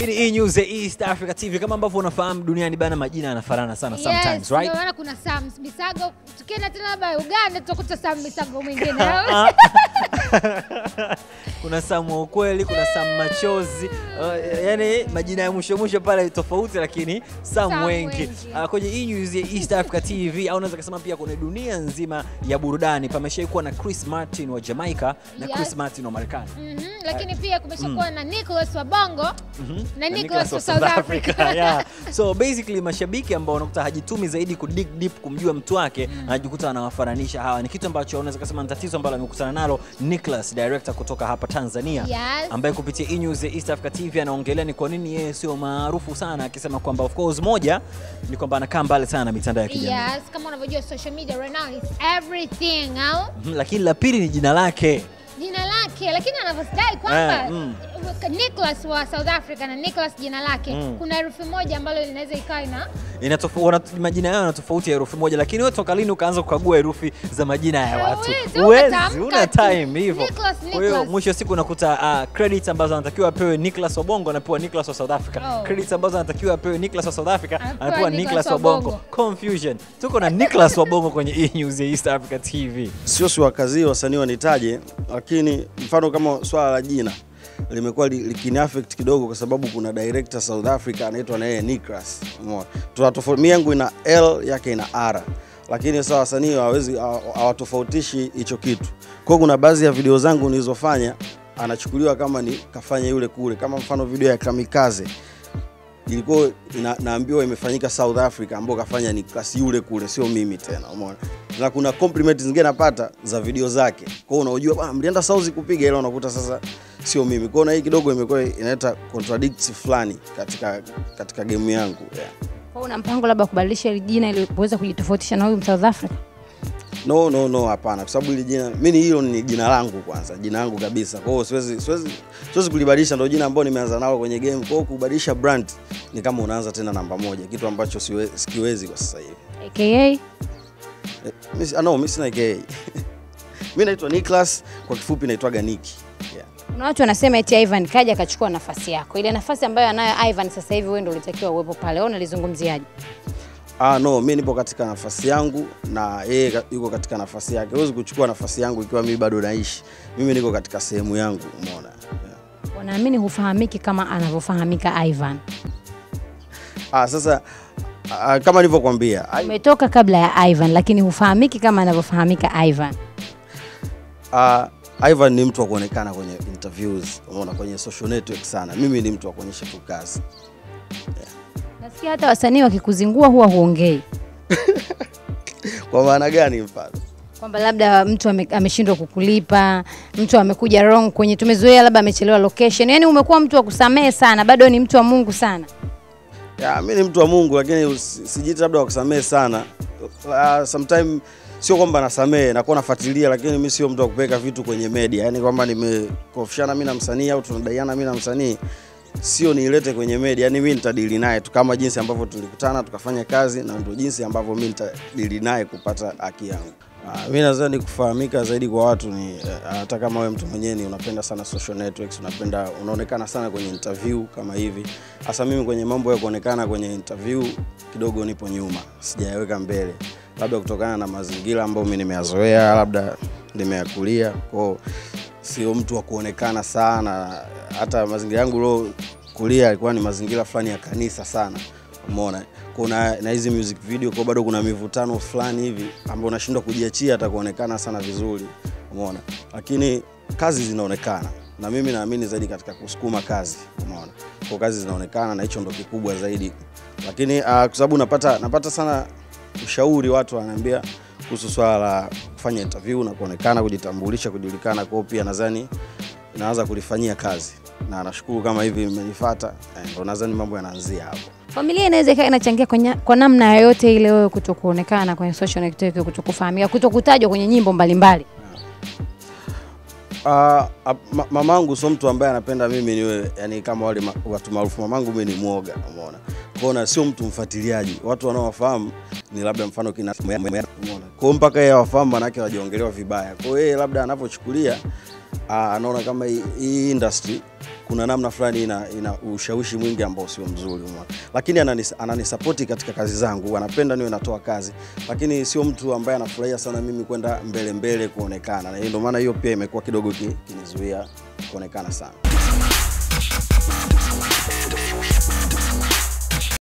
Hii ni E News ya East Africa TV. Kama ambavyo unafahamu duniani bana, majina yanafanana sana sometimes, right? Maana kuna Sam Misago, tukienda tena labda Uganda tutakuta Sam Misago mwingine. kuna samu wa ukweli, kuna samu machozi uh, yani majina ya mwisho mwisho pale tofauti, lakini samu wengi uh, kwenye hii news ya East Africa TV au unaweza kusema pia kwenye dunia nzima ya burudani pameshaikuwa na Chris Martin wa Jamaica na yes. Chris Martin wa Marekani mm -hmm. Lakini uh, pia kumeshakuwa mm. na Nicholas wa Bongo mm -hmm. na Nicholas wa South Africa, Africa. yeah. So basically mashabiki ambao wanakuta hajitumi zaidi ku dig deep kumjua mtu wake mm. anajikuta anawafananisha hawa, ni kitu ambacho unaweza kusema ni tatizo ambalo amekutana nalo Nicholas director kutoka hapa hapa Tanzania yes. ambaye kupitia E-News ya East Africa TV anaongelea ni kwa nini yeye sio maarufu sana, akisema kwamba of course moja ni kwamba anakaa mbali sana mitandao ya kijamii. Yes, kama unavyojua social media right now is everything Lakini la pili ni jina lake wake, lakini anavyosidai kwamba eh, mm. Nicholas wa South Africa na Nicholas jina lake mm. kuna herufi moja ambalo linaweza ikawa ina majina yao yana tofauti ya herufi moja, lakini wewe toka lini ukaanza kukagua herufi za majina ya watu? Uwezi, una time hivyo. Kwa hiyo mwisho wa siku unakuta uh, credits ambazo anatakiwa apewe Nicholas Wabongo anapewa Nicholas wa South Africa. Oh. Credits ambazo anatakiwa apewe Nicholas wa South Africa anapewa Nicholas wa Bongo. Confusion. Tuko na Nicholas wa Bongo kwenye E News ya East Africa TV. Sio si siwakazii wasanii wanitaje, lakini mfano kama swala la jina limekuwa likini affect kidogo, kwa sababu kuna director South Africa anaitwa naye Nicras, umeona, tunatofauti. Mimi yangu ina L yake ina R, lakini sasa wasanii hawawezi hawatofautishi hicho kitu. Kwa hiyo kuna baadhi ya video zangu nilizofanya anachukuliwa kama ni kafanya yule kule, kama mfano video ya Kamikaze ilikuwa na, naambiwa imefanyika South Africa, ambao kafanya ni Nicras yule kule, sio mimi tena, umeona na kuna compliment zingine napata za video zake. Kwa hiyo unajua bwana ah, mlienda sauzi kupiga ile unakuta sasa sio mimi. Kwa hiyo na hii kidogo imekuwa inaleta contradicts fulani katika katika game yangu. Yeah. Kwa hiyo una mpango labda kubadilisha ile jina ili uweze kujitofautisha na huyu South Africa? No, no, no, hapana, kwa sababu ile jina mimi hilo ni jina langu kwanza, jina langu kabisa. Kwa hiyo siwezi siwezi siwezi kulibadilisha, ndio jina ambalo nimeanza nalo kwenye game. Kwa hiyo kubadilisha brand ni kama unaanza tena namba moja, kitu ambacho siwezi, sikiwezi kwa sasa hivi. AKA mimi ah, no, Miss sina gay. mimi naitwa Nicholas, kwa kifupi naitwaga Niki. Kuna watu wanasema eti Ivan kaja akachukua nafasi yako. Ile nafasi ambayo anayo Ivan sasa hivi wewe ndio ulitakiwa uwepo pale. Wewe unalizungumziaje? Ah, no, mi nipo katika nafasi yangu na yeye yuko katika nafasi yake. Huwezi kuchukua nafasi yangu ikiwa mimi bado naishi. Mimi niko katika sehemu yangu, umeona? Yeah. Wanaamini hufahamiki kama anavyofahamika Ivan. Ah, sasa Uh, kama nilivyokuambia umetoka kabla ya Ivan, lakini hufahamiki kama anavyofahamika Ivan. Uh, Ivan ni mtu wa kuonekana kwenye interviews, unaona, kwenye social network sana. Mimi ni mtu wa kuonyesha tu kazi yeah. Nasikia hata wasanii wakikuzingua huwa huongei kwa maana gani? Mfano kwamba labda mtu ameshindwa ame kukulipa, mtu amekuja wrong kwenye, tumezoea labda amechelewa location, yani umekuwa mtu wa kusamehe sana, bado ni mtu wa Mungu sana. Ya, mi ni mtu wa Mungu lakini sijiti labda wakusamehe sana. Uh, sometime sio kwamba nasamehe, nakuwa nafuatilia, lakini mi sio mtu wa kupeka vitu kwenye media, yani kwamba nimekofishana mi na msanii au tunadaiana mi na msanii sio niilete kwenye media, yani mi nitadili naye tu kama jinsi ambavyo tulikutana tukafanya kazi, na ndio jinsi ambavyo mi nitadili naye kupata haki yangu mi nadhani kufahamika zaidi kwa watu ni eh, hata kama wewe mtu mwenyewe ni unapenda sana social networks, unapenda unaonekana sana kwenye interview kama hivi. Hasa mimi kwenye mambo ya kuonekana kwenye interview kidogo nipo nyuma, sijaweka mbele, labda kutokana na mazingira ambayo mi nimeyazoea, labda nimeyakulia kwao, sio mtu wa kuonekana sana. Hata mazingira yangu leo kulia alikuwa ni mazingira fulani ya kanisa sana umeona kuna na hizi music video kwa bado kuna mivutano fulani hivi ambayo unashindwa kujiachia hata kuonekana sana vizuri umeona lakini kazi zinaonekana na mimi naamini zaidi katika kusukuma kazi umeona kwa kazi zinaonekana na hicho ndo kikubwa zaidi lakini uh, kwa sababu napata napata sana ushauri watu wananiambia kuhusu swala la kufanya interview na kuonekana kujitambulisha kujulikana kwao pia nadhani naanza kulifanyia kazi na nashukuru kama hivi mmenifata eh, ndo nadhani mambo yanaanzia hapo Familia inaweza ikawa inachangia kwa namna yoyote ile, wewe kutokuonekana kwenye social network, kutokufahamika, kutokutajwa kwenye nyimbo mbalimbali. Uh, mamangu sio mtu ambaye anapenda mimi niwe yani kama wale ma watu maarufu. Mamangu mimi ni mwoga, umeona. Kwaona sio mtu mfuatiliaji. Watu wanaowafahamu ni labda mfano kina umeona. Kwa mpaka yeye awafahamu, manake wajiongelewa vibaya. Kwa yeye labda anapochukulia anaona ah, kama hii industry kuna namna fulani ina, ina ushawishi mwingi ambao sio mzuri umwa. Lakini ananis, ananisapoti katika kazi zangu, anapenda niwe natoa kazi, lakini sio mtu ambaye anafurahia sana mimi kwenda mbele mbele kuonekana, na ndio maana hiyo pia imekuwa kidogo kinizuia kuonekana sana.